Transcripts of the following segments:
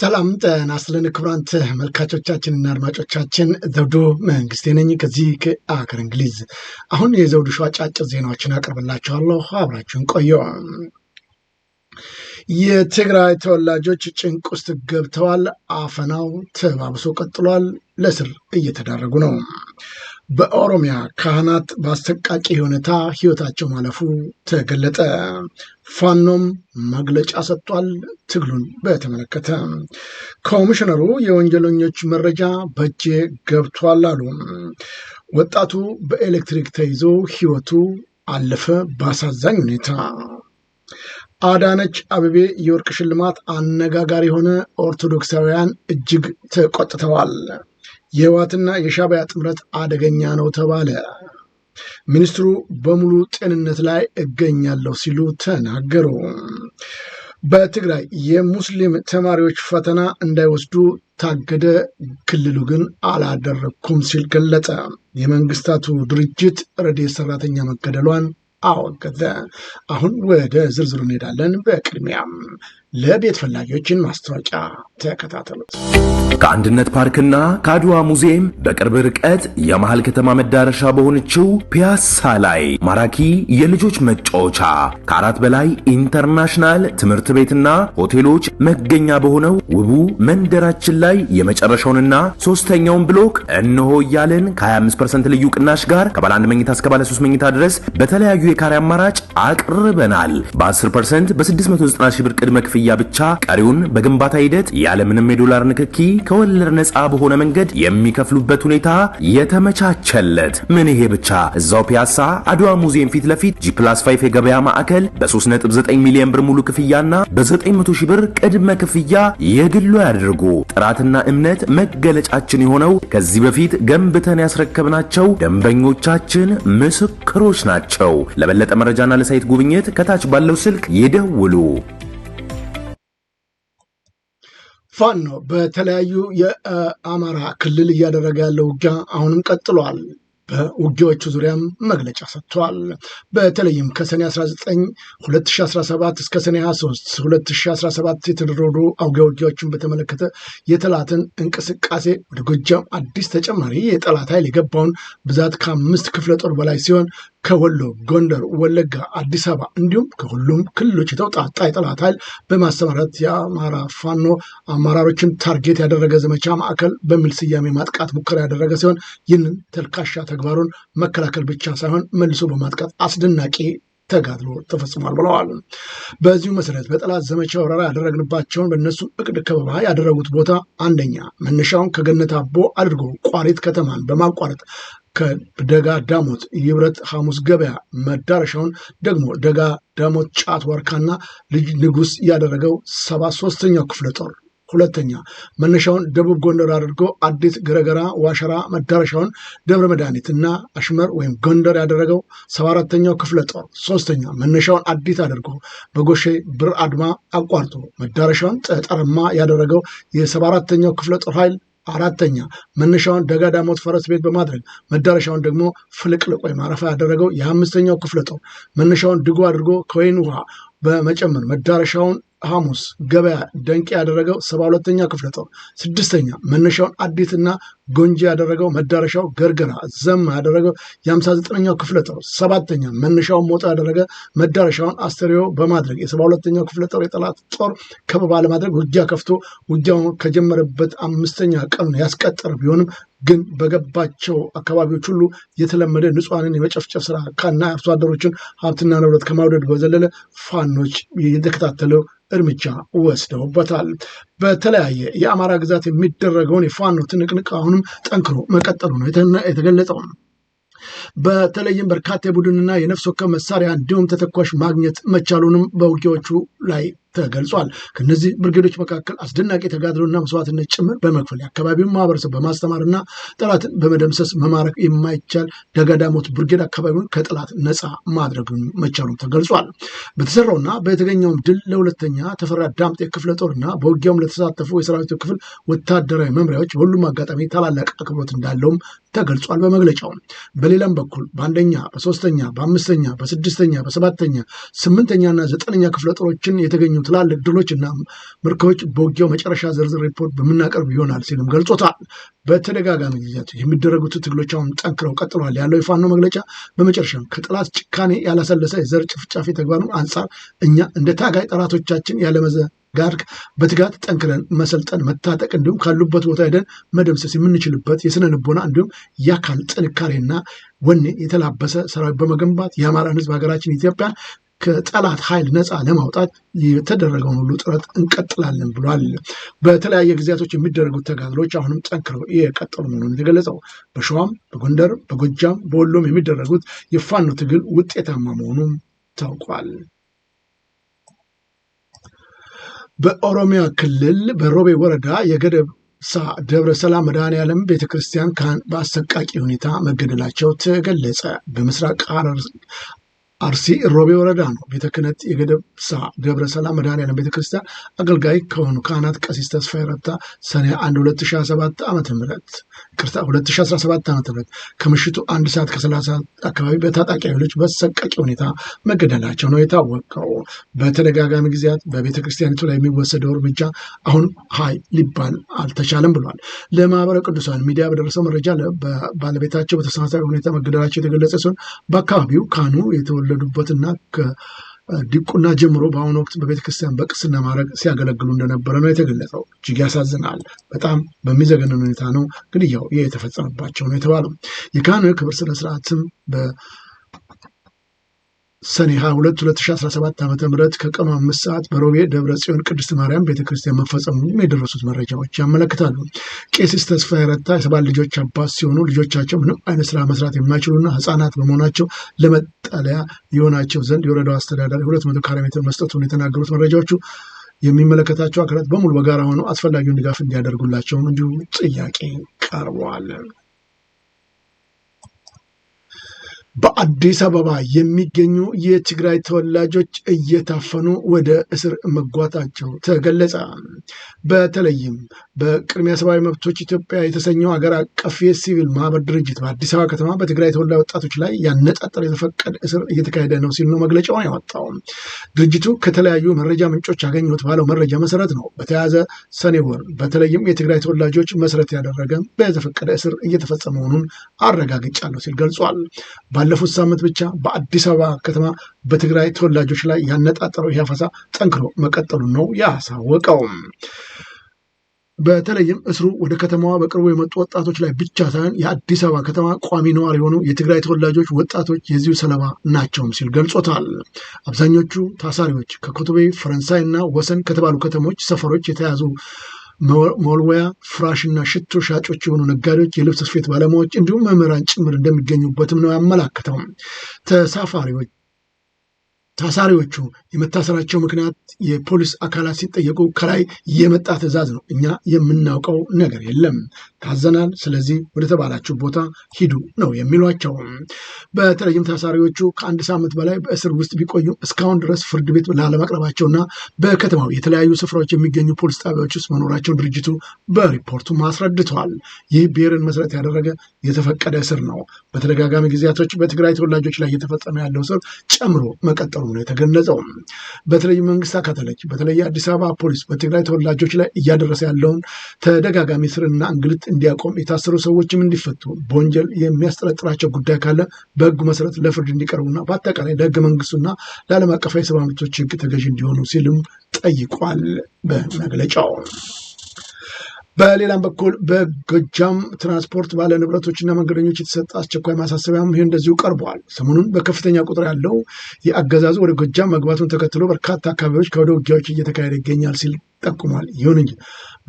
ሰላም ጤና ይስጥልን ክቡራን ተመልካቾቻችንና አድማጮቻችን ዘውዱ መንግስቴ ነኝ ከዚህ ከአገር እንግሊዝ። አሁን የዘውዱ ሾው አጫጭር ዜናዎችን አቀርብላችኋለሁ፣ አብራችሁን ቆዩ። የትግራይ ተወላጆች ጭንቅ ውስጥ ገብተዋል። አፈናው ተባብሶ ቀጥሏል። ለእስር እየተዳረጉ ነው። በኦሮሚያ ካህናት በአሰቃቂ ሁኔታ ህይወታቸው ማለፉ ተገለጠ። ፋኖም መግለጫ ሰጥቷል። ትግሉን በተመለከተ ኮሚሽነሩ የወንጀለኞች መረጃ በእጄ ገብቷል አሉ። ወጣቱ በኤሌክትሪክ ተይዞ ህይወቱ አለፈ በአሳዛኝ ሁኔታ። አዳነች አቤቤ የወርቅ ሽልማት አነጋጋሪ የሆነ ኦርቶዶክሳውያን እጅግ ተቆጥተዋል። የህወሓትና የሻዕቢያ ጥምረት አደገኛ ነው ተባለ። ሚኒስትሩ በሙሉ ጤንነት ላይ እገኛለሁ ሲሉ ተናገሩ። በትግራይ የሙስሊም ተማሪዎች ፈተና እንዳይወስዱ ታገደ። ክልሉ ግን አላደረኩም ሲል ገለጸ። የመንግስታቱ ድርጅት ረድኤት ሰራተኛ መገደሏን አወገዘ። አሁን ወደ ዝርዝሩ እንሄዳለን። በቅድሚያም ለቤት ፈላጊዎችን ማስታወቂያ ተከታተሉት። ከአንድነት ፓርክና ከአድዋ ሙዚየም በቅርብ ርቀት የመሃል ከተማ መዳረሻ በሆነችው ፒያሳ ላይ ማራኪ የልጆች መጫወቻ ከአራት በላይ ኢንተርናሽናል ትምህርት ቤትና ሆቴሎች መገኛ በሆነው ውቡ መንደራችን ላይ የመጨረሻውንና ሶስተኛውን ብሎክ እነሆ እያልን ከ25 ልዩ ቅናሽ ጋር ከባለ አንድ መኝታ እስከ ባለ ሶስት መኝታ ድረስ በተለያዩ የካሬ አማራጭ አቅርበናል። በ10 በ690 ብር ቅድመ ክፍያ ክፍያ ብቻ ቀሪውን በግንባታ ሂደት ያለምንም የዶላር ንክኪ ከወለድ ነፃ በሆነ መንገድ የሚከፍሉበት ሁኔታ የተመቻቸለት። ምን ይሄ ብቻ! እዛው ፒያሳ አድዋ ሙዚየም ፊት ለፊት ፕላስ 5 የገበያ ማዕከል በ3.9 ሚሊዮን ብር ሙሉ ክፍያና በ900 ሺህ ብር ቅድመ ክፍያ የግሉ ያድርጉ። ጥራትና እምነት መገለጫችን የሆነው ከዚህ በፊት ገንብተን ያስረከብናቸው ደንበኞቻችን ምስክሮች ናቸው። ለበለጠ መረጃና ለሳይት ጉብኝት ከታች ባለው ስልክ ይደውሉ። ፋኖ በተለያዩ የአማራ ክልል እያደረገ ያለው ውጊያ አሁንም ቀጥሏል። በውጊያዎቹ ዙሪያም መግለጫ ሰጥቷል። በተለይም ከሰኔ 19 2017 እስከ ሰኔ 23 2017 የተደረዱ አውጊያ ውጊያዎችን በተመለከተ የጠላትን እንቅስቃሴ ወደ ጎጃም አዲስ ተጨማሪ የጠላት ኃይል የገባውን ብዛት ከአምስት ክፍለ ጦር በላይ ሲሆን ከወሎ፣ ጎንደር፣ ወለጋ፣ አዲስ አበባ እንዲሁም ከሁሉም ክልሎች የተውጣጣ የጠላት ኃይል በማሰማራት የአማራ ፋኖ አመራሮችን ታርጌት ያደረገ ዘመቻ ማዕከል በሚል ስያሜ ማጥቃት ሙከራ ያደረገ ሲሆን ይህንን ተልካሻ ተግባሩን መከላከል ብቻ ሳይሆን መልሶ በማጥቃት አስደናቂ ተጋድሎ ተፈጽሟል ብለዋል። በዚሁ መሰረት በጠላት ዘመቻ ወረራ ያደረግንባቸውን በእነሱ እቅድ ከበባ ያደረጉት ቦታ አንደኛ መነሻውን ከገነት አቦ አድርጎ ቋሪት ከተማን በማቋረጥ ከደጋ ዳሞት ይብረት ሐሙስ ገበያ መዳረሻውን ደግሞ ደጋ ዳሞት ጫት ዋርካና ልጅ ንጉሥ ያደረገው ሰባ ሶስተኛው ክፍለ ጦር ሁለተኛ መነሻውን ደቡብ ጎንደር አድርጎ አዲት ገረገራ ዋሸራ መዳረሻውን ደብረ መድኃኒት እና አሽመር ወይም ጎንደር ያደረገው ሰባ አራተኛው ክፍለ ጦር ሶስተኛ መነሻውን አዲት አድርጎ በጎሼ ብር አድማ አቋርጦ መዳረሻውን ጠጠርማ ያደረገው የሰባ አራተኛው ክፍለ ጦር ኃይል አራተኛ መነሻውን ደጋ ዳሞት ፈረስ ቤት በማድረግ መዳረሻውን ደግሞ ፍልቅልቅ ወይም አረፋ ያደረገው የአምስተኛው ክፍለ ጦር መነሻውን ድጎ አድርጎ ከወይን ውሃ በመጨመር መዳረሻውን ሐሙስ ገበያ ደንቅ ያደረገው ሰባ ሁለተኛ ክፍለ ጦር ስድስተኛ መነሻውን አዲትና ጎንጂ ያደረገው መዳረሻው ገርገራ፣ ዘማ ያደረገው የ59ኛው ክፍለ ጦር ሰባተኛ መነሻውን ሞጣ ያደረገ መዳረሻውን አስተሪዮ በማድረግ የሰባ ሁለተኛው ክፍለ ጦር የጠላት ጦር ከበባ ለማድረግ ውጊያ ከፍቶ ውጊያውን ከጀመረበት አምስተኛ ቀኑን ያስቀጠረ ቢሆንም ግን በገባቸው አካባቢዎች ሁሉ የተለመደ ንጹሐንን የመጨፍጨፍ ስራ ካና አርሶ አደሮችን ሀብትና ንብረት ከማውደድ በዘለለ ፋኖች የተከታተለው እርምጃ ወስደውበታል። በተለያየ የአማራ ግዛት የሚደረገውን የፋኖ ትንቅንቅ አሁንም ጠንክሮ መቀጠሉ ነው የተገለጸው። በተለይም በርካታ የቡድንና የነፍስ ወከፍ መሳሪያ እንዲሁም ተተኳሽ ማግኘት መቻሉንም በውጊያዎቹ ላይ ተገልጿል። ከእነዚህ ብርጌዶች መካከል አስደናቂ ተጋድሎና መስዋዕትነት ጭምር በመክፈል የአካባቢውን ማህበረሰብ በማስተማርና ጠላትን በመደምሰስ መማረክ የማይቻል ደጋዳሞት ብርጌድ አካባቢውን ከጠላት ነፃ ማድረግ መቻሉም ተገልጿል። በተሰራውና በተገኘውም ድል ለሁለተኛ ተፈራ ዳምጤ ክፍለ ጦርና በውጊያውም ለተሳተፉ የሰራዊቱ ክፍል ወታደራዊ መምሪያዎች በሁሉም አጋጣሚ ታላላቅ አክብሮት እንዳለውም ተገልጿል በመግለጫው። በሌላም በኩል በአንደኛ በሶስተኛ በአምስተኛ በስድስተኛ በሰባተኛ ስምንተኛና ዘጠነኛ ክፍለ ጦሮችን የተገኙ ትላልቅ ድሎች እና ምርኮዎች በውጊያው መጨረሻ ዝርዝር ሪፖርት በምናቀርብ ይሆናል ሲልም ገልጾታል። በተደጋጋሚ ጊዜያት የሚደረጉት ትግሎች አሁን ጠንክረው ቀጥሏል ያለው የፋኖ መግለጫ በመጨረሻም ከጠላት ጭካኔ ያላሰለሰ የዘር ጭፍጫፊ ተግባሩን አንጻር እኛ እንደ ታጋይ ጠላቶቻችን ያለመዘ ጋር በትጋት ጠንክረን መሰልጠን፣ መታጠቅ እንዲሁም ካሉበት ቦታ ሄደን መደምሰስ የምንችልበት የስነ ልቦና እንዲሁም የአካል ጥንካሬና ወኔ የተላበሰ ሰራዊት በመገንባት የአማራን ህዝብ ሀገራችን ኢትዮጵያ ከጠላት ኃይል ነፃ ለማውጣት የተደረገውን ሁሉ ጥረት እንቀጥላለን ብሏል። በተለያየ ጊዜያቶች የሚደረጉት ተጋድሎች አሁንም ጠንክረው የቀጠሉ መሆኑን የተገለጸው በሸዋም፣ በጎንደር፣ በጎጃም፣ በወሎም የሚደረጉት የፋኖ ትግል ውጤታማ መሆኑም ታውቋል። በኦሮሚያ ክልል በሮቤ ወረዳ የገደብ ሳ ደብረ ሰላም መድኃኔ ቤተ ክርስቲያን ካህን በአሰቃቂ ሁኔታ መገደላቸው ተገለጸ። በምስራቅ አርሲ ሮቤ ወረዳ ነው። ቤተ ክህነት የገደብሳ ገብረ ሰላም መድኃኔዓለም ቤተክርስቲያን አገልጋይ ከሆኑ ካህናት ቀሲስ ተስፋ ረታ ሰኔ 1 2017 ዓ ም ቅርታ 2017 ዓ ም ከምሽቱ አንድ ሰዓት ከ30 አካባቢ በታጣቂ ኃይሎች በሰቃቂ ሁኔታ መገደላቸው ነው የታወቀው። በተደጋጋሚ ጊዜያት በቤተ ክርስቲያኒቱ ላይ የሚወሰደው እርምጃ አሁን ሀይ ሊባል አልተቻለም ብሏል። ለማህበረ ቅዱሳን ሚዲያ በደረሰው መረጃ ባለቤታቸው በተመሳሳይ ሁኔታ መገደላቸው የተገለጸ ሲሆን በአካባቢው ካህኑ የተወ የተወለዱበትና ከዲቁና ጀምሮ በአሁኑ ወቅት በቤተክርስቲያን በቅስና ማድረግ ሲያገለግሉ እንደነበረ ነው የተገለጸው። እጅግ ያሳዝናል። በጣም በሚዘገንን ሁኔታ ነው ግድያው የተፈጸመባቸው ነው የተባለው። የካህኑ የክብር ስነስርዓትም በ ሰኔ 22 2017 ዓ ም ከቀኑ አምስት ሰዓት በሮቤ ደብረ ጽዮን ቅድስት ማርያም ቤተክርስቲያን መፈጸሙን የደረሱት መረጃዎች ያመለክታሉ። ቄስ ተስፋ የረታ የሰባት ልጆች አባት ሲሆኑ ልጆቻቸው ምንም አይነት ስራ መስራት የማይችሉና ህጻናት በመሆናቸው ለመጠለያ የሆናቸው ዘንድ የወረዳው አስተዳዳሪ 200 ካሬ ሜትር መስጠቱን የተናገሩት መረጃዎቹ የሚመለከታቸው አካላት በሙሉ በጋራ ሆነው አስፈላጊውን ድጋፍ እንዲያደርጉላቸውም እንዲሁ ጥያቄ ቀርበዋል። በአዲስ አበባ የሚገኙ የትግራይ ተወላጆች እየታፈኑ ወደ እስር መጓታቸው ተገለጸ። በተለይም በቅድሚያ ሰብአዊ መብቶች ኢትዮጵያ የተሰኘው ሀገር አቀፍ የሲቪል ማህበር ድርጅት በአዲስ አበባ ከተማ በትግራይ ተወላጅ ወጣቶች ላይ ያነጣጠረ የተፈቀደ እስር እየተካሄደ ነው ሲል ነው መግለጫውን ያወጣው። ድርጅቱ ከተለያዩ መረጃ ምንጮች ያገኙት ባለው መረጃ መሰረት ነው በተያዘ ሰኔ ወር በተለይም የትግራይ ተወላጆች መሰረት ያደረገ በተፈቀደ እስር እየተፈጸመ መሆኑን አረጋግጫለሁ ሲል ገልጿል። ባለፉት ሳምንት ብቻ በአዲስ አበባ ከተማ በትግራይ ተወላጆች ላይ ያነጣጠረው ይህ አፈሳ ጠንክሮ መቀጠሉ ነው ያሳወቀው። በተለይም እስሩ ወደ ከተማዋ በቅርቡ የመጡ ወጣቶች ላይ ብቻ ሳይሆን የአዲስ አበባ ከተማ ቋሚ ነዋሪ የሆኑ የትግራይ ተወላጆች ወጣቶች የዚሁ ሰለባ ናቸውም ሲል ገልጾታል። አብዛኞቹ ታሳሪዎች ከኮቶቤ ፈረንሳይ እና ወሰን ከተባሉ ከተሞች ሰፈሮች የተያዙ ሞልዌያ ፍራሽና ሽቶ ሻጮች የሆኑ ነጋዴዎች፣ የልብስ ስፌት ባለሙያዎች እንዲሁም መምህራን ጭምር እንደሚገኙበትም ነው ያመላክተው። ተሳፋሪዎች ታሳሪዎቹ የመታሰራቸው ምክንያት የፖሊስ አካላት ሲጠየቁ ከላይ የመጣ ትዕዛዝ ነው፣ እኛ የምናውቀው ነገር የለም፣ ታዘናል፣ ስለዚህ ወደ ተባላችሁ ቦታ ሂዱ ነው የሚሏቸው። በተለይም ታሳሪዎቹ ከአንድ ሳምንት በላይ በእስር ውስጥ ቢቆዩ እስካሁን ድረስ ፍርድ ቤት ና በከተማው የተለያዩ ስፍራዎች የሚገኙ ፖሊስ ጣቢያዎች ውስጥ መኖራቸውን ድርጅቱ በሪፖርቱ አስረድተዋል። ይህ ብሔርን መሰረት ያደረገ የተፈቀደ እስር ነው። በተደጋጋሚ ጊዜያቶች በትግራይ ተወላጆች ላይ እየተፈጸመ ያለው እስር ጨምሮ መቀጠሉ ነው የተገለጸው። በተለይ መንግስት አካተለች በተለይ አዲስ አበባ ፖሊስ በትግራይ ተወላጆች ላይ እያደረሰ ያለውን ተደጋጋሚ ስርና እንግልት እንዲያቆም፣ የታሰሩ ሰዎችም እንዲፈቱ፣ በወንጀል የሚያስጠረጥራቸው ጉዳይ ካለ በህጉ መሰረት ለፍርድ እንዲቀርቡና በአጠቃላይ ለህገ መንግስቱና ለዓለም አቀፋዊ ሰብአዊ መብቶች ህግ ተገዥ እንዲሆኑ ሲልም ጠይቋል በመግለጫው በሌላም በኩል በጎጃም ትራንስፖርት ባለ ንብረቶችና መንገደኞች የተሰጠ አስቸኳይ ማሳሰቢያም ይህ እንደዚሁ ቀርበዋል። ሰሞኑን በከፍተኛ ቁጥር ያለው የአገዛዙ ወደ ጎጃም መግባቱን ተከትሎ በርካታ አካባቢዎች ከወደ ውጊያዎች እየተካሄደ ይገኛል ሲል ጠቁሟል። ይሁን እንጂ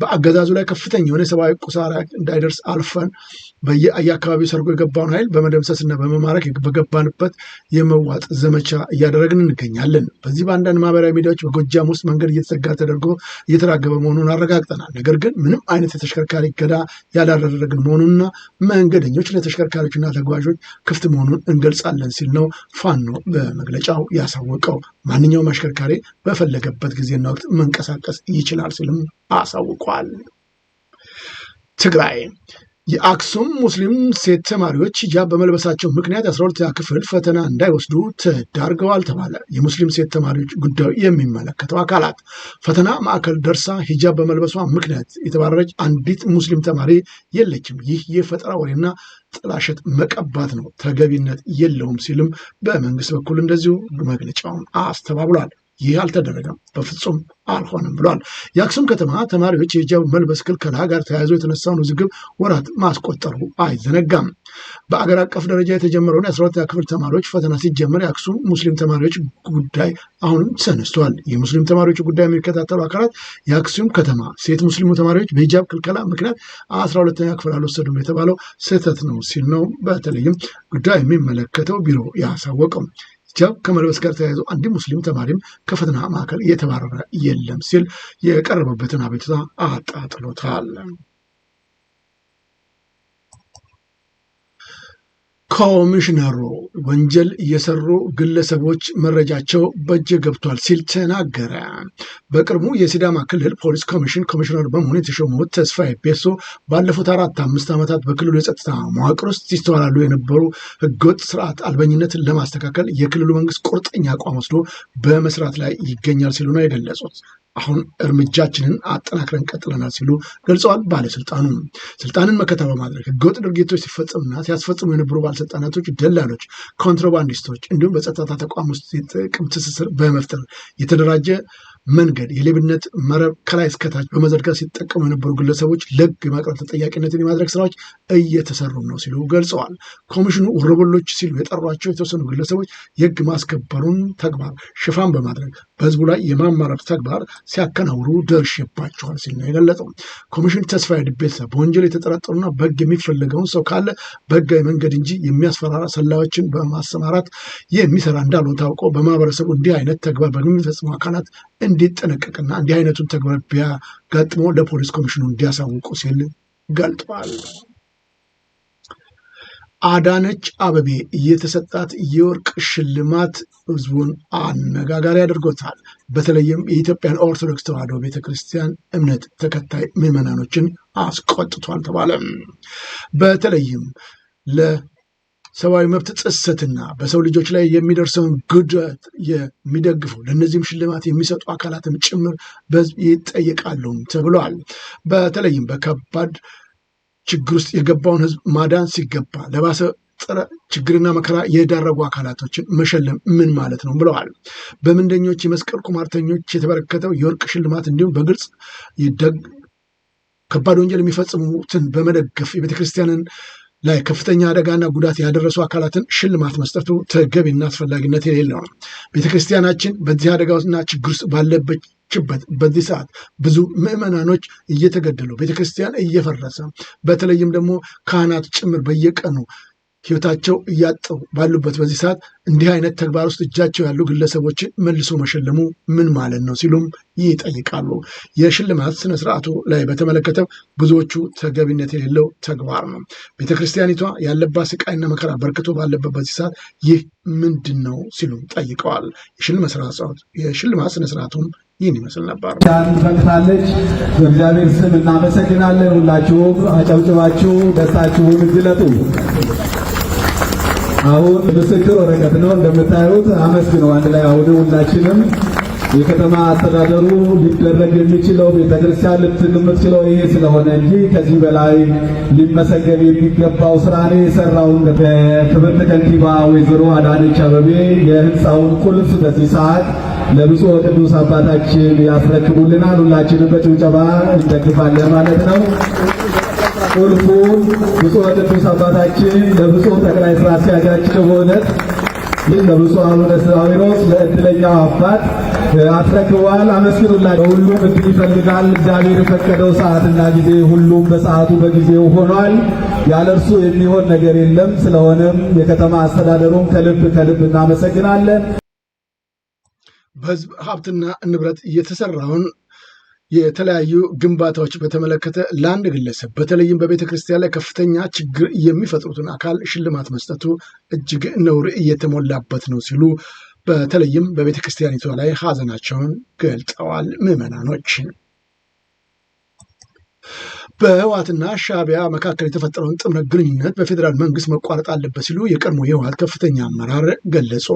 በአገዛዙ ላይ ከፍተኛ የሆነ ሰብአዊ ቁሳራ እንዳይደርስ አልፈን በየአካባቢው ሰርጎ የገባውን ኃይል በመደምሰስና በመማረክ በገባንበት የመዋጥ ዘመቻ እያደረግን እንገኛለን። በዚህ በአንዳንድ ማህበራዊ ሚዲያዎች በጎጃም ውስጥ መንገድ እየተዘጋ ተደርጎ እየተራገበ መሆኑን አረጋግጠናል። ነገር ግን ምንም አይነት የተሽከርካሪ እገዳ ያላደረግን መሆኑንና መንገደኞች ለተሽከርካሪዎችና ተጓዦች ክፍት መሆኑን እንገልጻለን ሲል ነው ፋኖ በመግለጫው ያሳወቀው። ማንኛውም አሽከርካሪ በፈለገበት ጊዜና ወቅት መንቀሳቀስ ይችላል ሲልም አሳውቋል። ትግራይ የአክሱም ሙስሊም ሴት ተማሪዎች ሂጃብ በመልበሳቸው ምክንያት የአስራ ሁለተኛ ክፍል ፈተና እንዳይወስዱ ተዳርገዋል ተባለ። የሙስሊም ሴት ተማሪዎች ጉዳዩ የሚመለከተው አካላት ፈተና ማዕከል ደርሳ ሂጃብ በመልበሷ ምክንያት የተባረረች አንዲት ሙስሊም ተማሪ የለችም። ይህ የፈጠራ ወሬና ጥላሸት መቀባት ነው፣ ተገቢነት የለውም ሲልም በመንግስት በኩል እንደዚሁ መግለጫውን አስተባብሏል። ይህ አልተደረገም፣ በፍጹም አልሆነም ብሏል። የአክሱም ከተማ ተማሪዎች የሂጃብ መልበስ ክልከላ ጋር ተያይዞ የተነሳውን ውዝግብ ወራት ማስቆጠሩ አይዘነጋም። በአገር አቀፍ ደረጃ የተጀመረውን የአስራሁለተኛ ክፍል ተማሪዎች ፈተና ሲጀመር የአክሱም ሙስሊም ተማሪዎች ጉዳይ አሁንም ተነስቷል። የሙስሊም ተማሪዎች ጉዳይ የሚከታተሉ አካላት የአክሱም ከተማ ሴት ሙስሊሙ ተማሪዎች በሂጃብ ክልከላ ምክንያት አስራ ሁለተኛ ክፍል አልወሰዱም የተባለው ስህተት ነው ሲል ነው በተለይም ጉዳይ የሚመለከተው ቢሮ ያሳወቀው። ጃብ ከመልበስ ጋር ተያይዞ አንድ ሙስሊም ተማሪም ከፈተና ማዕከል እየተባረረ የለም ሲል የቀረበበትን አቤቱታ አጣጥሎታል። ኮሚሽነሩ ወንጀል የሰሩ ግለሰቦች መረጃቸው በእጅ ገብቷል ሲል ተናገረ። በቅርቡ የሲዳማ ክልል ፖሊስ ኮሚሽን ኮሚሽነር በመሆን የተሾሙት ተስፋዬ ቤሶ ባለፉት አራት አምስት ዓመታት በክልሉ የጸጥታ መዋቅር ውስጥ ይስተዋላሉ የነበሩ ህገወጥ ስርዓት አልበኝነትን ለማስተካከል የክልሉ መንግስት ቁርጠኛ አቋም ወስዶ በመስራት ላይ ይገኛል ሲሉ ነው የገለጹት። አሁን እርምጃችንን አጠናክረን ቀጥለናል ሲሉ ገልጸዋል። ባለስልጣኑ ስልጣንን መከታ በማድረግ ህገወጥ ድርጊቶች ሲፈጸሙና ሲያስፈጽሙ የነበሩ ባለስልጣናቶች፣ ደላሎች፣ ኮንትሮባንዲስቶች እንዲሁም በጸጥታ ተቋም ውስጥ የጥቅም ትስስር በመፍጠር የተደራጀ መንገድ የሌብነት መረብ ከላይ እስከታች በመዘርጋት ሲጠቀሙ የነበሩ ግለሰቦች ለግ የማቅረብ ተጠያቂነትን የማድረግ ስራዎች እየተሰሩ ነው ሲሉ ገልጸዋል። ኮሚሽኑ ወሮበሎች ሲሉ የጠሯቸው የተወሰኑ ግለሰቦች የህግ ማስከበሩን ተግባር ሽፋን በማድረግ በህዝቡ ላይ የማማረር ተግባር ሲያከናውሩ ደርሽባቸዋል ሲል ነው የገለጸው። ኮሚሽን ተስፋዬ ድቤሳ በወንጀል የተጠረጠሩና በህግ የሚፈለገውን ሰው ካለ በህጋዊ መንገድ እንጂ የሚያስፈራራ ሰላዮችን በማሰማራት የሚሰራ እንዳልሆነ ታውቆ በማህበረሰቡ እንዲህ አይነት ተግባር በሚፈጽሙ አካላት እንዲጠነቀቅና እንዲህ አይነቱን ተግባር ቢያጋጥሞ ለፖሊስ ኮሚሽኑ እንዲያሳውቁ ሲል ገልጠዋል። አዳነች አበቤ እየተሰጣት የወርቅ ሽልማት ህዝቡን አነጋጋሪ አድርጎታል። በተለይም የኢትዮጵያን ኦርቶዶክስ ተዋሕዶ ቤተክርስቲያን እምነት ተከታይ ምዕመናኖችን አስቆጥቷል ተባለ። በተለይም ሰብአዊ መብት ጥሰትና በሰው ልጆች ላይ የሚደርሰውን ጉዳት የሚደግፉ ለእነዚህም ሽልማት የሚሰጡ አካላትም ጭምር በህዝብ ይጠየቃሉ ተብለዋል። በተለይም በከባድ ችግር ውስጥ የገባውን ህዝብ ማዳን ሲገባ ለባሰ ጥረ ችግርና መከራ የዳረጉ አካላቶችን መሸለም ምን ማለት ነው ብለዋል። በምንደኞች የመስቀል ቁማርተኞች የተበረከተው የወርቅ ሽልማት እንዲሁም በግልጽ ከባድ ወንጀል የሚፈጽሙትን በመደገፍ የቤተክርስቲያንን ለከፍተኛ አደጋና ጉዳት ያደረሱ አካላትን ሽልማት መስጠቱ ተገቢና አስፈላጊነት የሌለው ነው። ቤተክርስቲያናችን በዚህ አደጋና ችግር ውስጥ ባለበት ችበት በዚህ ሰዓት ብዙ ምዕመናኖች እየተገደሉ ቤተክርስቲያን እየፈረሰ በተለይም ደግሞ ካህናት ጭምር በየቀኑ ህይወታቸው እያጠቡ ባሉበት በዚህ ሰዓት እንዲህ አይነት ተግባር ውስጥ እጃቸው ያሉ ግለሰቦችን መልሶ መሸለሙ ምን ማለት ነው ሲሉም ይጠይቃሉ። የሽልማት ስነስርዓቱ ላይ በተመለከተ ብዙዎቹ ተገቢነት የሌለው ተግባር ነው፣ ቤተ ክርስቲያኒቷ ያለባት ስቃይና መከራ በርክቶ ባለበት በዚህ ሰዓት ይህ ምንድን ነው ሲሉም ጠይቀዋል። የሽልማት ስነስርዓቱም ይህን ይመስል ነበር። ትፈቅታለች። በእግዚአብሔር ስም እናመሰግናለን። ሁላችሁም አጨብጭባችሁ ደስታችሁን ግለጡ። አሁን ምስክር ወረቀት ነው እንደምታዩት። አመስግነው አንድ ላይ አሁን ሁላችንም የከተማ አስተዳደሩ ሊደረግ የሚችለው ቤተክርስቲያን ልትል የምትችለው ይሄ ስለሆነ እንጂ ከዚህ በላይ ሊመሰገን የሚገባው ስራ ነው የሰራውን። ክብርት ከንቲባ ወይዘሮ አዳነች አበቤ የህንፃውን ቁልፍ በዚህ ሰዓት ለብፁዕ ወቅዱስ አባታችን ያስረክቡልናል። ሁላችንም በጭብጨባ እንደግፋለን ማለት ነው። ቁልፉ ብፁዕ ቅዱስ አባታችን ለብፁዕ ጠቅላይ ስራ አስኪያጃችን በእውነት ይህ ለብፁዕ አቡነ ሳዊሮስ ለእድለኛው አባት አስረክበዋል። አመስግኑላቸው። ሁሉም እድል ይፈልጋል። እግዚአብሔር የፈቀደው ሰዓትና ጊዜ ሁሉም በሰዓቱ በጊዜው ሆኗል። ያለ እርሱ የሚሆን ነገር የለም። ስለሆነም የከተማ አስተዳደሩም ከልብ ከልብ እናመሰግናለን። በሕዝብ ሀብትና ንብረት እየተሰራውን የተለያዩ ግንባታዎች በተመለከተ ለአንድ ግለሰብ በተለይም በቤተ ክርስቲያን ላይ ከፍተኛ ችግር የሚፈጥሩትን አካል ሽልማት መስጠቱ እጅግ ነውር እየተሞላበት ነው ሲሉ በተለይም በቤተ ክርስቲያኒቷ ላይ ሀዘናቸውን ገልጠዋል ምዕመናኖች። በህወሓትና ሻዕቢያ መካከል የተፈጠረውን ጥምረት ግንኙነት በፌዴራል መንግስት መቋረጥ አለበት ሲሉ የቀድሞ የህወሓት ከፍተኛ አመራር ገለጹ።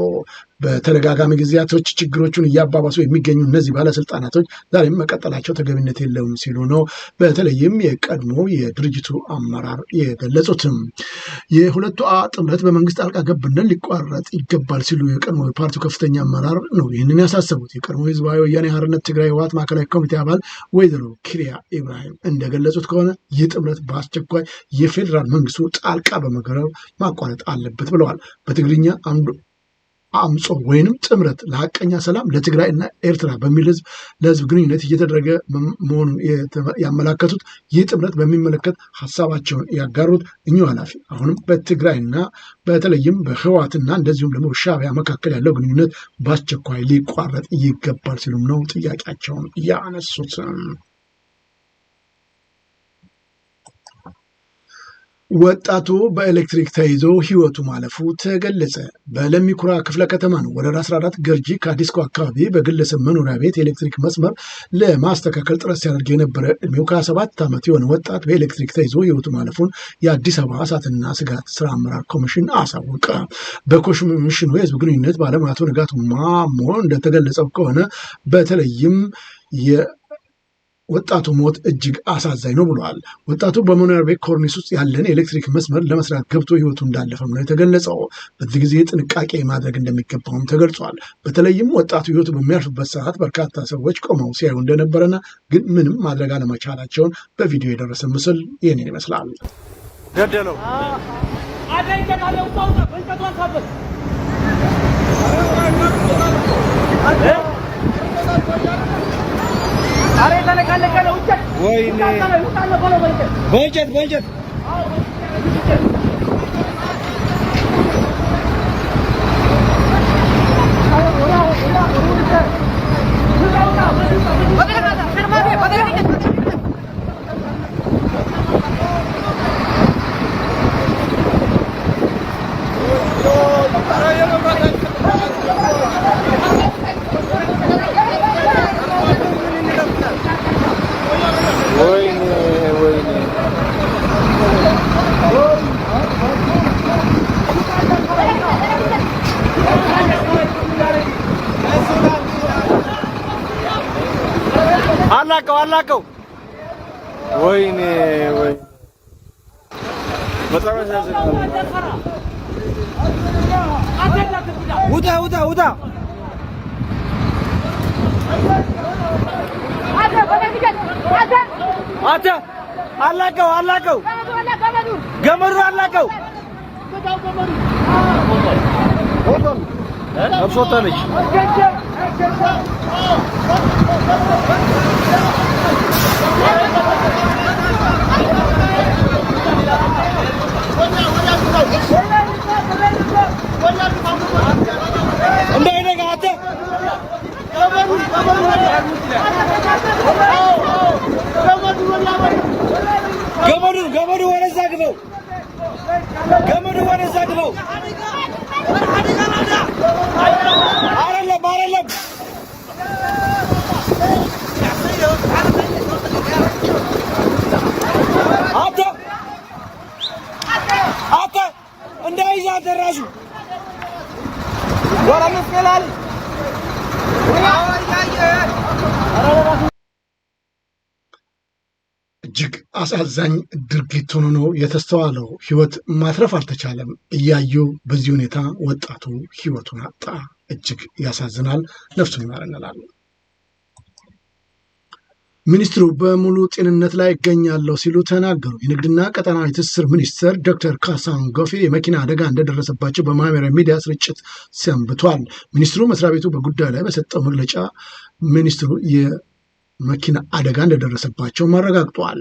በተደጋጋሚ ጊዜያቶች ችግሮቹን እያባባሱ የሚገኙ እነዚህ ባለስልጣናቶች ዛሬም መቀጠላቸው ተገቢነት የለውም ሲሉ ነው በተለይም የቀድሞ የድርጅቱ አመራር የገለጹትም። የሁለቱ ጥምረት በመንግስት ጣልቃ ገብነት ሊቋረጥ ይገባል ሲሉ የቀድሞ የፓርቲው ከፍተኛ አመራር ነው ይህንን ያሳሰቡት። የቀድሞ ህዝባዊ ወያኔ ሓርነት ትግራይ ህወሓት ማዕከላዊ ኮሚቴ አባል ወይዘሮ ኪሪያ ኢብራሂም እንደገለጹ እንደገለጹት ከሆነ ይህ ጥምረት በአስቸኳይ የፌዴራል መንግስቱ ጣልቃ በመገረብ ማቋረጥ አለበት ብለዋል። በትግርኛ አንዱ አምጾ ወይንም ጥምረት ለሀቀኛ ሰላም ለትግራይ እና ኤርትራ በሚል ህዝብ ለህዝብ ግንኙነት እየተደረገ መሆኑን ያመላከቱት ይህ ጥምረት በሚመለከት ሀሳባቸውን ያጋሩት እኚሁ ኃላፊ አሁንም በትግራይና በተለይም በህዋትና እንደዚሁም ደግሞ ሻዕቢያ መካከል ያለው ግንኙነት በአስቸኳይ ሊቋረጥ ይገባል ሲሉም ነው ጥያቄያቸውን ያነሱት። ወጣቱ በኤሌክትሪክ ተይዞ ህይወቱ ማለፉ ተገለጸ። በለሚኩራ ክፍለ ከተማ ነው። ወረዳ 14 ገርጂ ከአዲስኮ አካባቢ በግለሰብ መኖሪያ ቤት የኤሌክትሪክ መስመር ለማስተካከል ጥረት ሲያደርግ የነበረ እድሜው ከ27 ዓመት የሆነ ወጣት በኤሌክትሪክ ተይዞ ህይወቱ ማለፉን የአዲስ አበባ እሳትና ስጋት ስራ አመራር ኮሚሽን አሳወቀ። በኮሚሽኑ የህዝብ ግንኙነት ባለሙያ አቶ ንጋቱ ማሞ እንደተገለጸው ከሆነ በተለይም ወጣቱ ሞት እጅግ አሳዛኝ ነው ብለዋል። ወጣቱ በመኖሪያ ቤት ኮርኒስ ውስጥ ያለን የኤሌክትሪክ መስመር ለመስራት ገብቶ ህይወቱ እንዳለፈም ነው የተገለጸው። በዚህ ጊዜ ጥንቃቄ ማድረግ እንደሚገባውም ተገልጿል። በተለይም ወጣቱ ህይወቱ በሚያልፍበት ሰዓት በርካታ ሰዎች ቆመው ሲያዩ እንደነበረና ግን ምንም ማድረግ አለመቻላቸውን በቪዲዮ የደረሰ ምስል ይህንን ይመስላል። ገደለው અરે તને કાલે કાલે ઉચક હોય ને ઉતારને બોલો ભાઈ જત ભાઈ જત አላቀው አላቀው ገመዱ አላቀው አብሶታለች። Come on, come on, come on. ገመዱ ገመዱ ወደዛ ግበው፣ ገመዱ ወደዛ ግበው። አይደለም አይደለም፣ አተ አተ እንዳይዛ ደራሹ ወራ መስቀላል አሳዛኝ ድርጊት ሆኖ ነው የተስተዋለው። ህይወት ማትረፍ አልተቻለም። እያዩ በዚህ ሁኔታ ወጣቱ ህይወቱን አጣ። እጅግ ያሳዝናል። ነፍሱን ይማር እንላለን። ሚኒስትሩ በሙሉ ጤንነት ላይ ይገኛለሁ ሲሉ ተናገሩ። የንግድና ቀጠናዊ ትስስር ሚኒስትር ዶክተር ካሳን ጎፌ የመኪና አደጋ እንደደረሰባቸው በማህበራዊ ሚዲያ ስርጭት ሰንብቷል። ሚኒስትሩ መስሪያ ቤቱ በጉዳዩ ላይ በሰጠው መግለጫ ሚኒስትሩ መኪና አደጋ እንደደረሰባቸው አረጋግጠዋል።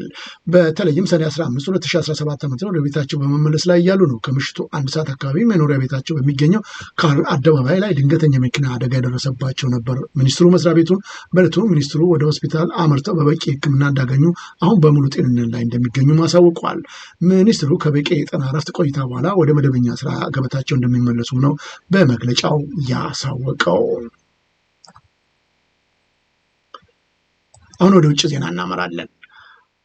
በተለይም ሰኔ 15 2017 ዓ ም ወደ ቤታቸው በመመለስ ላይ እያሉ ነው ከምሽቱ አንድ ሰዓት አካባቢ መኖሪያ ቤታቸው በሚገኘው ካርል አደባባይ ላይ ድንገተኛ መኪና አደጋ የደረሰባቸው ነበር። ሚኒስትሩ መስሪያ ቤቱን በለቱ ሚኒስትሩ ወደ ሆስፒታል አመርተው በበቂ ሕክምና እንዳገኙ አሁን በሙሉ ጤንነት ላይ እንደሚገኙ ማሳውቋል። ሚኒስትሩ ከበቂ የጤና እረፍት ቆይታ በኋላ ወደ መደበኛ ስራ ገበታቸው እንደሚመለሱ ነው በመግለጫው ያሳወቀው። አሁን ወደ ውጭ ዜና እናመራለን።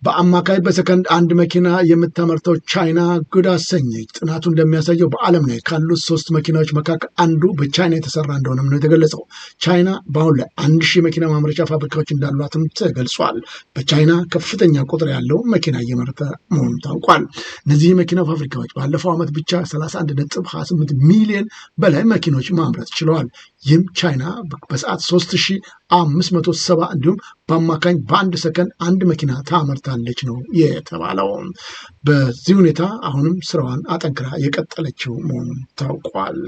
በአማካይ በሰከንድ አንድ መኪና የምታመርተው ቻይና ጉድ አሰኘች። ጥናቱ እንደሚያሳየው በዓለም ላይ ካሉት ሶስት መኪናዎች መካከል አንዱ በቻይና የተሰራ እንደሆነም ነው የተገለጸው። ቻይና በአሁን ላይ አንድ ሺህ መኪና ማምረቻ ፋብሪካዎች እንዳሏትም ተገልጿል። በቻይና ከፍተኛ ቁጥር ያለው መኪና እየመረተ መሆኑ ታውቋል። እነዚህ መኪና ፋብሪካዎች ባለፈው ዓመት ብቻ 31.28 ሚሊዮን በላይ መኪኖች ማምረት ችለዋል። ይህም ቻይና በሰዓት 3570 እንዲሁም በአማካኝ በአንድ ሰከንድ አንድ መኪና ታመርታለች ነው የተባለው። በዚህ ሁኔታ አሁንም ስራዋን አጠንክራ የቀጠለችው መሆኑን ታውቋል።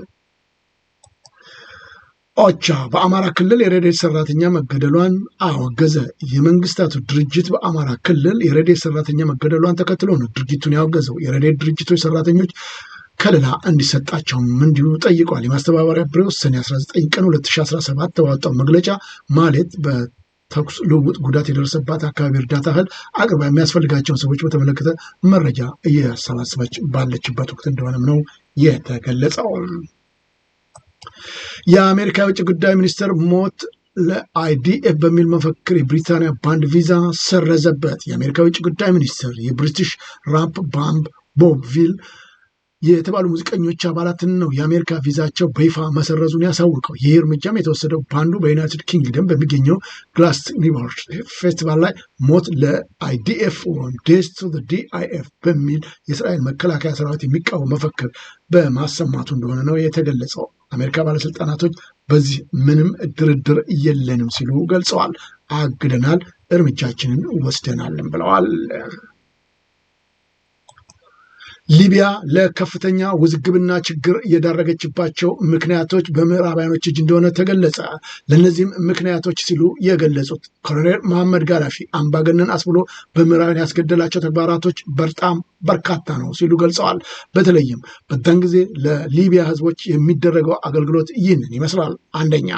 ኦቻ በአማራ ክልል የረዴት ሰራተኛ መገደሏን አወገዘ። የመንግስታቱ ድርጅት በአማራ ክልል የረዴት ሰራተኛ መገደሏን ተከትሎ ነው ድርጊቱን ያወገዘው። የረዴት ድርጅቶች ሰራተኞች ከለላ እንዲሰጣቸውም እንዲሁ ጠይቋል። የማስተባበሪያ ቢሮ ሰኔ 19 ቀን 2017 ተዋጣው መግለጫ ማለት ተኩስ ልውውጥ ጉዳት የደረሰባት አካባቢ እርዳታ እህል አቅርባ የሚያስፈልጋቸውን ሰዎች በተመለከተ መረጃ እያሰባሰበች ባለችበት ወቅት እንደሆነም ነው የተገለጸው። የአሜሪካ የውጭ ጉዳይ ሚኒስትር ሞት ለአይዲኤፍ በሚል መፈክር የብሪታንያ ባንድ ቪዛ ሰረዘበት። የአሜሪካ የውጭ ጉዳይ ሚኒስትር የብሪቲሽ ራፕ ባምብ ቦብቪል የተባሉ ሙዚቀኞች አባላትን ነው የአሜሪካ ቪዛቸው በይፋ መሰረዙን ያሳውቀው። ይህ እርምጃም የተወሰደው ባንዱ በዩናይትድ ኪንግደም በሚገኘው ግላስተንበሪ ፌስቲቫል ላይ ሞት ለአይዲኤፍ ዴዝ ቱ ዲአይኤፍ በሚል የእስራኤል መከላከያ ሰራዊት የሚቃወም መፈክር በማሰማቱ እንደሆነ ነው የተገለጸው። አሜሪካ ባለስልጣናቶች በዚህ ምንም ድርድር የለንም ሲሉ ገልጸዋል። አግደናል፣ እርምጃችንን ወስደናልም ብለዋል። ሊቢያ ለከፍተኛ ውዝግብና ችግር የዳረገችባቸው ምክንያቶች በምዕራባያኖች እጅ እንደሆነ ተገለጸ። ለእነዚህም ምክንያቶች ሲሉ የገለጹት ኮሎኔል መሐመድ ጋዳፊ አምባገነን አስብሎ በምዕራብን ያስገደላቸው ተግባራቶች በጣም በርካታ ነው ሲሉ ገልጸዋል። በተለይም በዛን ጊዜ ለሊቢያ ህዝቦች የሚደረገው አገልግሎት ይህንን ይመስላል። አንደኛ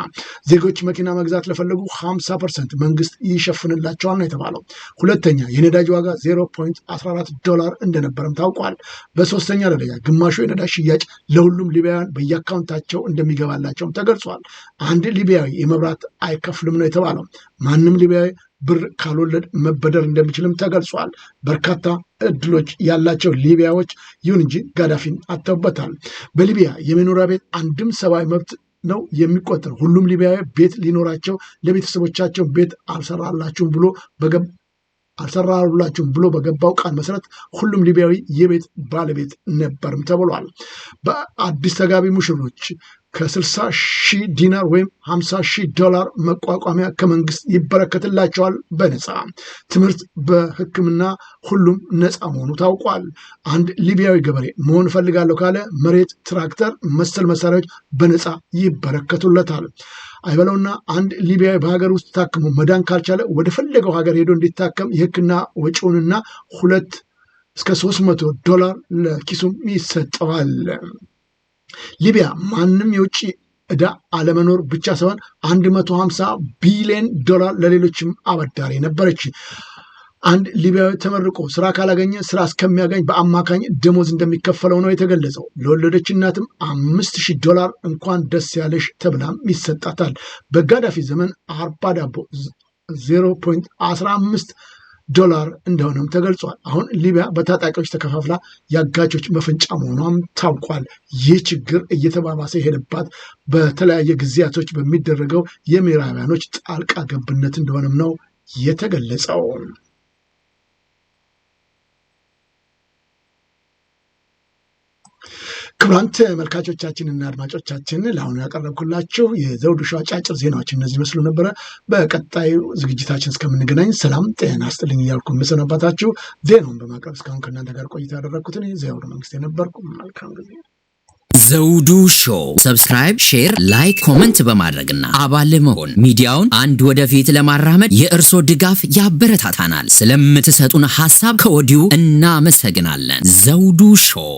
ዜጎች መኪና መግዛት ለፈለጉ 50 ፐርሰንት መንግስት ይሸፍንላቸዋል ነው የተባለው። ሁለተኛ የነዳጅ ዋጋ 0.14 ዶላር እንደነበረም ታውቋል። በሶስተኛ ደረጃ ግማሹ የነዳጅ ሽያጭ ለሁሉም ሊቢያውያን በየአካውንታቸው እንደሚገባላቸውም ተገልጿል። አንድ ሊቢያዊ የመብራት አይከፍልም ነው የተባለው። ማንም ሊቢያዊ ብር ካልወለድ መበደር እንደሚችልም ተገልጿል። በርካታ እድሎች ያላቸው ሊቢያዎች ይሁን እንጂ ጋዳፊን አጥተውበታል። በሊቢያ የመኖሪያ ቤት አንድም ሰብአዊ መብት ነው የሚቆጠር። ሁሉም ሊቢያዊ ቤት ሊኖራቸው ለቤተሰቦቻቸው ቤት አልሰራላችሁም ብሎ አልሰራሉላችሁም ብሎ በገባው ቃል መሰረት ሁሉም ሊቢያዊ የቤት ባለቤት ነበርም ተብሏል። በአዲስ ተጋቢ ሙሽሮች ከ60 ሺህ ዲናር ወይም 50 ሺህ ዶላር መቋቋሚያ ከመንግስት ይበረከትላቸዋል በነፃ ትምህርት፣ በህክምና ሁሉም ነፃ መሆኑ ታውቋል። አንድ ሊቢያዊ ገበሬ መሆን እፈልጋለሁ ካለ መሬት፣ ትራክተር መሰል መሳሪያዎች በነፃ ይበረከቱለታል። አይበለውና አንድ ሊቢያዊ በሀገር ውስጥ ታክሞ መዳን ካልቻለ ወደ ፈለገው ሀገር ሄዶ እንዲታከም የህክና ወጪውንና ሁለት እስከ 300 ዶላር ለኪሱም ይሰጠዋል። ሊቢያ ማንም የውጭ ዕዳ አለመኖር ብቻ ሳይሆን 150 ቢሊዮን ዶላር ለሌሎችም አበዳሪ ነበረች። አንድ ሊቢያዊ ተመርቆ ስራ ካላገኘ ስራ እስከሚያገኝ በአማካኝ ደሞዝ እንደሚከፈለው ነው የተገለጸው። ለወለደች እናትም አምስት ሺህ ዶላር እንኳን ደስ ያለሽ ተብላም ይሰጣታል። በጋዳፊ ዘመን አርባ ዳቦ 0.15 ዶላር እንደሆነም ተገልጿል። አሁን ሊቢያ በታጣቂዎች ተከፋፍላ የአጋቾች መፈንጫ መሆኗም ታውቋል። ይህ ችግር እየተባባሰ የሄደባት በተለያየ ጊዜያቶች በሚደረገው የምዕራባውያኖች ጣልቃ ገብነት እንደሆነም ነው የተገለጸው። ክቡራን ተመልካቾቻችንና አድማጮቻችን ለአሁኑ ያቀረብኩላችሁ የዘውዱ ሾው አጫጭር ዜናዎች እነዚህ መስሉ ነበረ። በቀጣዩ ዝግጅታችን እስከምንገናኝ ሰላም ጤና ስጥልኝ እያልኩ የምሰናባታችሁ ዜናውን በማቅረብ እስካሁን ከእናንተ ጋር ቆይታ ያደረግኩትን ዘውዱ መንግስት የነበርኩ መልካም ጊዜ። ዘውዱ ሾው ሰብስክራይብ፣ ሼር፣ ላይክ፣ ኮመንት በማድረግና አባል መሆን ሚዲያውን አንድ ወደፊት ለማራመድ የእርሶ ድጋፍ ያበረታታናል። ስለምትሰጡን ሀሳብ ከወዲሁ እናመሰግናለን። ዘውዱ ሾው